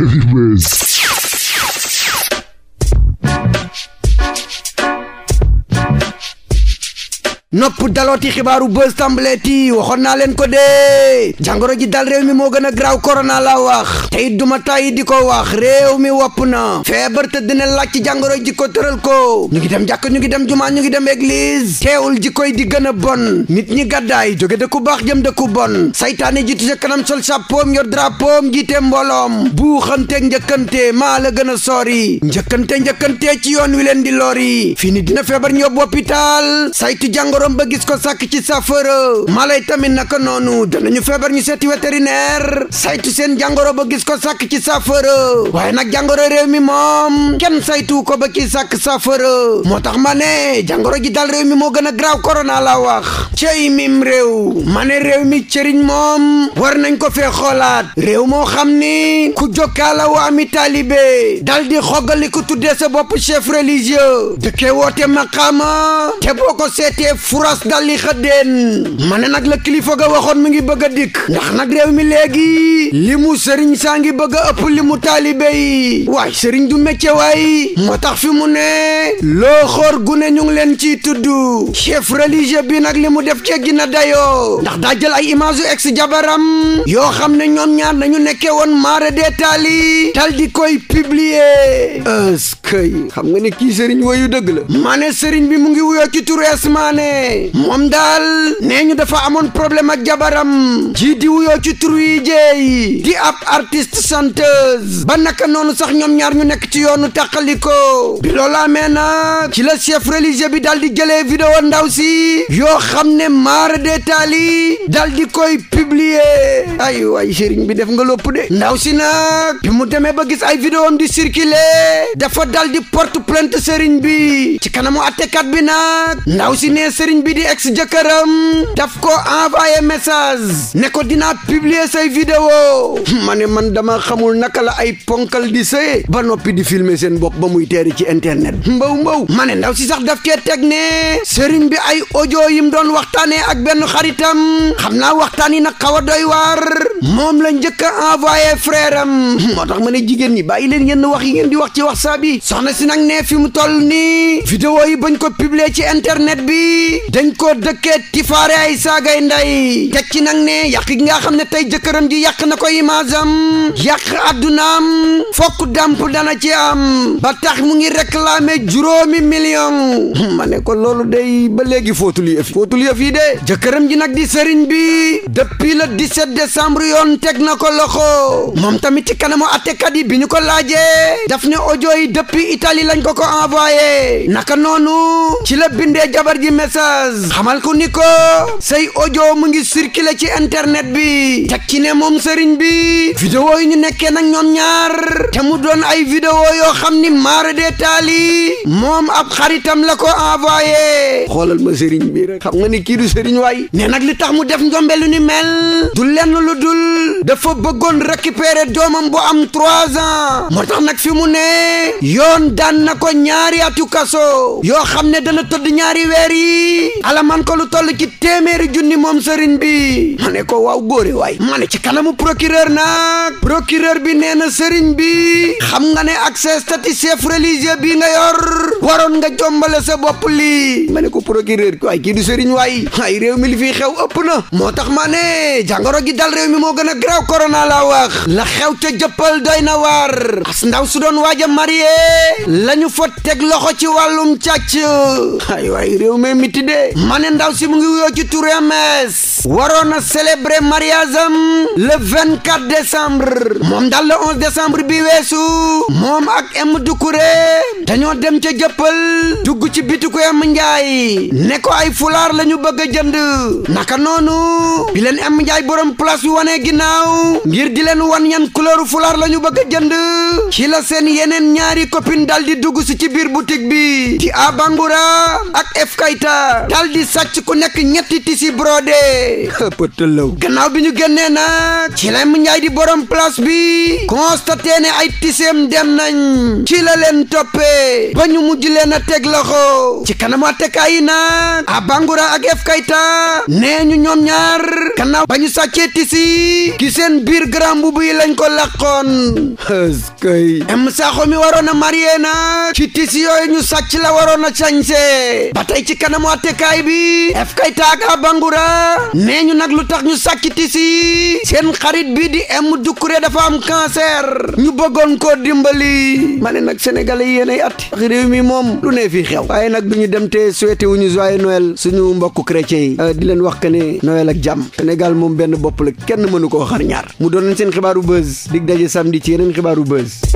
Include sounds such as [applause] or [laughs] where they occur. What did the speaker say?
Anyways. nopp dalooti xibaaru buzz tàmbaleeti waxoon naa leen ko dee jàngoro ji dal réew mi moo gën a graaw korona la wax te it duma tàyyi di ko wax réew mi wopp na feebar te dina laaj jàngoro ji tëral ko ñu ngi dem jàkk ñu ngi dem jumaa ñu ngi dem église teewul ji yi di gën a bon nit ñi gàddaay jóge dëkku baax jëm dëkku bon saytaane ji ca kanam sol chapeau yor drapeau jiite mbooloom buuxante njëkkante maa la gën a sori njëkkante njëkkante ci yoon wi leen di lori fii ni dina feebar ñu yóbbu hôpital jàngoro borom ba gis ko sàkk ci saafara mala tamit naka noonu danañu feebar ñu seeti vétérinaire saytu seen jàngoro ba gis ko sàkk ci saafara waaye nag jàngoro réew mi moom kenn saytu ko ba ki sàkk saafara moo tax ma ne jàngoro ji dal réew mi moo gën a graaw korona la wax cey mim réew ma réew mi cëriñ moom war nañ ko fee xoolaat réew moo xam ni ku jokkaala wa ami taalibe dal di xoggali ku tuddee sa bopp chef religieux dëkkee woote maqaama te boo ko seetee furaas dal li xëddeen ma ne nag la kilifa ga waxoon mu ngi bëgg a dikk ndax nag réew mi léegi li mu sëriñ saa ngi bëgg ëpp li mu taalibe yi waay sëriñ du métier waay moo tax fi mu ne loo xoor gune ñu ngi leen ciy tudd chef religieux bi nag li mu def gi na dayoo ndax daa jël ay image ek ex jabaram yoo xam ne ñoom ñaar nañu nekkee woon maare détaali tal di koy publier ëskay xam nga ne ki sëriñ wayu dëgg la ma sëriñ bi mu ngi wuyoo ci turu Esmaane moom daal nee ñu dafa amoon problème ak jabaram ji diwu wuyoo ci tur yi jeey di ab artiste chanteuse ba naka noonu sax ñoom ñaar ñu nekk ci yoonu tàqaliko bi loola amee nag ci la chef religieux bi daal di jëlee vidéo ndaw si yoo xam ne maara détaali daal di koy publier ay waay sëriñ bi def nga lopp de ndaw si nag bi mu demee ba gis ay vidéo am di circuler dafa dal porte plainte sëriñ bi ci kanamu attekat bi nag ndaw si nee sëriñ bi di ex jëkkëram daf ko envoyé message ne ko dinaa publier say vidéo [laughs] ma ne man dama xamul naka la ay ponkal di sëye ba noppi di filmer seen bopp ba muy teeri ci internet [laughs] mbaw mbaw ma ne ndaw si sax daf cee teg ne sëriñ bi ay audio yim doon waxtaanee ak benn xaritam xam naa waxtaan yi nag xaw doy waar moom lañ njëkk a envoyé frère am [laughs] moo tax ma ne jigéen ñi bàyyi leen yenn wax yi ngeen di wax ci wax saa bi soxna si nag ne fi mu toll nii vidéo yi bañ ko publier ci internet bi dañ koo dëkkee tifaare ay saagay nday teg ci nag ne yàq gi nga xam ne tey jëkkëram ji yàq na ko imaasam yàq addunaam fokk damp dana ci am ba tax mu ngi réclamer juróomi million [laughs] ma ne ko loolu day ba léegi fóotul yëf yi de jëkkëram ji nag di sëriñ bi depuis le 17 décembre yoon teg na ko loxo moom tamit ci kanamu àttekat yi bi ko laajee daf ne audio yi depuis Italie ko ko envoyé naka noonu ci la bindee jabar ji message gaz xamal ko ni ko say audio mu ngi circuler ci internet bi teg ci ne moom sëriñ bi vidéo yi ñu nekkee nag ñoom ñaar te mu doon ay vidéo yoo xam ni maara dee taali moom ab xaritam la ko envoyé xoolal ma sëriñ bi rek xam nga ni kii du sëriñ waay ne nag li tax mu def njombe lu ni mel du lenn lu dul dafa bëggoon récupérer doomam bu am trois ans moo tax nag fi mu ne yoon daan na ko ñaari atu kaso yoo xam ne dana tëdd ñaari weer ala man ko lu toll ci téeméeri ju ni moom sëriñ bi ma ne ko waaw góore waay ma ne ci kanamu procureur nag procureur bi nee na sëriñ bi xam nga ne ak sa statut chef religieux bi nga yor waroon nga jombale sa bopp li ma ne ko procureur waay kii du sëriñ waay ay réew mi li fi xew ëpp na moo tax ma ne jàngoro gi dal réew mi moo gën a graw corona la wax la xew ca jëppal doy na waar as ndaw su doon waaj a marié lañu fa teg loxo ci wàllum càcc ay waay réew mi dee ma ne ndaw si mu ngi wuyoo ci turu MS waroon na célébrer mariage am le 24 décembre moom daal le 11 décembre bi weesu moom ak M Doucouré dañoo dem ca jëppal dugg ci bitiku M Ndiaye ne ko ay fulaar lañu ñu bëgg jënd naka noonu bi leen M Ndiaye borom place bi wane ginnaaw ngir di leen wan yan couleur fulaar la ñu bëgg jënd ci la seen yeneen ñaari copine dal di dugg si ci biir boutique bi di Abangoura ak F Kayta dal di sàcc ku nekk ñetti tisi brodé [laughs] pëtalaw gannaaw bi ñu génnee na ci la mu njaay di borom place bi constaté ne ay tiseem dem nañ ci la leen toppee ba ñu mujj leen a teg loxo ci kanam atekaay yi na a bangura ak ef kayta nee ñu ñoom ñaar gannaaw ba ñu sàccee tisi ki seen biir grand mbubb yi lañ ko làqoon em saaxo waroon a marié nag ci tisi yooyu ñu sàcc la waroon a sañse ba tey ci kanamu attekaay bi efkay taaga bangura nee ñu nag lu tax ñu sàkkiti si seen xarit bi di em dukkure dafa am cancer ñu bëggoon koo dimbali ma ne nag sénégalais yi yéenay at ax réew moom lu ne fii xew waaye nag bi ñu dem te souhaité wu ñu joyeux suñu mbokku chrétien yi euh, di leen wax que ne Noël ak jàmm Sénégal moom benn bopp la kenn mënu koo xar ñaar mu doon seen xibaaru buzz dig daje samedi ci yeneen xibaaru buzz